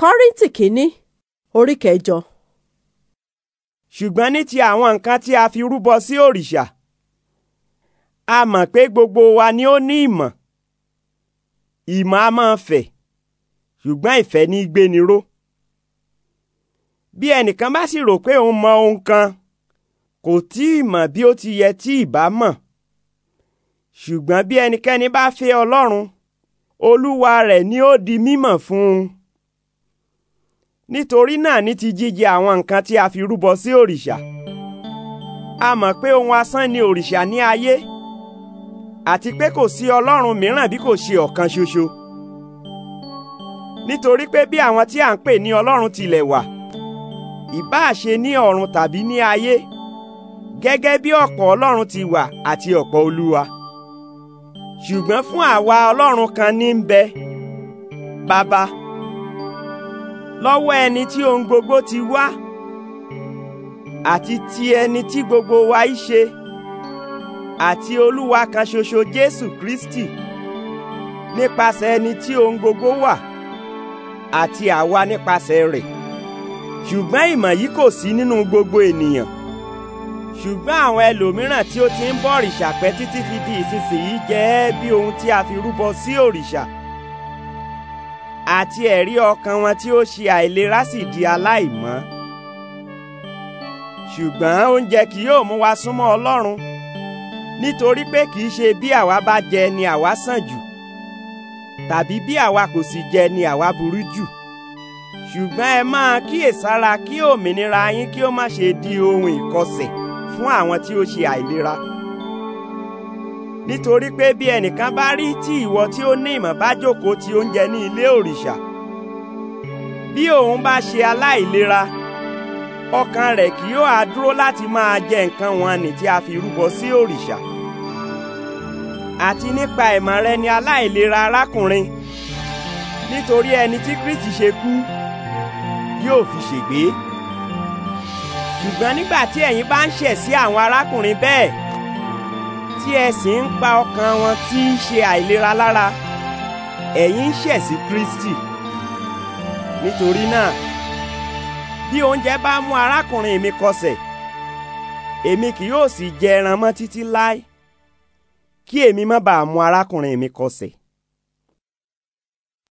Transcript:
kọ́ríntì kìíní orí kẹjọ. ṣùgbọ́n ní ti àwọn nǹkan tí a fi rúbọ sí òrìṣà a mọ̀ pé gbogbo wa ni ó ní ìmọ̀ ìmọ̀ a máa fẹ̀ ṣùgbọ́n ìfẹ́ ní í gbéni ró bí ẹnìkan bá sì rò pé òun mọ ohun kan kò tí ì mọ̀ bí ó ti yẹ tí ì bá mọ̀ ṣùgbọ́n bí ẹnikẹ́ni bá fẹ́ ọlọ́run olúwa rẹ̀ ni ó di mímọ̀ fún un nítorí náà ní ti jíjẹ àwọn nǹkan tí a fi rúbọ sí òrìṣà a mọ̀ pé ohun asán ni òrìṣà ní ayé àti pé kò sí ọlọ́run mìíràn bí kò ṣe ọ̀kan ṣoṣo nítorí pé bí àwọn tí à ń pè ní ọlọ́run tilẹ̀ wà ìbáà ṣe ní ọ̀run tàbí ní ayé gẹ́gẹ́ bí ọ̀pọ̀ ọlọ́run ti wà àti ọ̀pọ̀ olúwa ṣùgbọ́n fún àwa ọlọ́run kan ní ń bẹ bàbá lọ́wọ́ ẹni tí ohun gbogbo ti wá àti ti ẹni tí gbogbo wa í ṣe àti olúwa kan ṣoṣo Jésù Kristi nípasẹ̀ ẹni tí ohun gbogbo wà àti àwa nípasẹ̀ rẹ̀ ṣùgbọ́n ìmọ̀ yìí kò sí nínú gbogbo ènìyàn ṣùgbọ́n àwọn ẹlòmíràn tí ó ti ń bọ òrìṣà pẹ́ títí fi di ìsinsìnyí jẹ́ bí ohun tí a fi rúbọ sí òrìṣà àti ẹ̀rí ọkàn wọn tí ó ṣe àìlera sì di aláìmọ́ ṣùgbọ́n oúnjẹ kì yóò mú wa súnmọ́ Ọlọ́run nítorí pé kì í ṣe bí àwa bá jẹ ni àwa sàn jù tàbí bí àwa kò sì jẹ ni àwa burú jù ṣùgbọ́n ẹ máa kíyèsára kí òmìnira yín kí ó má ṣe di ohun ìkọsẹ̀ fún àwọn tí ó ṣe àìlera nítorí pé bí ẹnìkan bá rí tí ìwọ tí ó ní ìmọ̀ bá jókòó ti oúnjẹ ní ilé òrìṣà bí òun bá ṣe aláìlera ọkàn rẹ̀ kì yóò á dúró láti máa jẹ nǹkan wọn nì tí a fi rúbọ sí òrìṣà àti nípa ìmọ̀ rẹ ni aláìlera arákùnrin nítorí ẹni tí Kristi ṣe kú yóò fi ṣègbé ṣùgbọ́n nígbà tí ẹ̀yin bá ń ṣẹ̀ sí àwọn arákùnrin bẹ́ẹ̀ tí ẹ ń pa ọkàn wọn tí í ṣe àìlera lára ẹ̀yin ń ṣẹ̀ sí Kristi nítorí náà bí oúnjẹ bá mú arákùnrin mi kọsẹ̀ èmi kì yóò sì jẹ ẹran mọ́ títí láé kí èmi má bàa mú arákùnrin mi kọsẹ̀.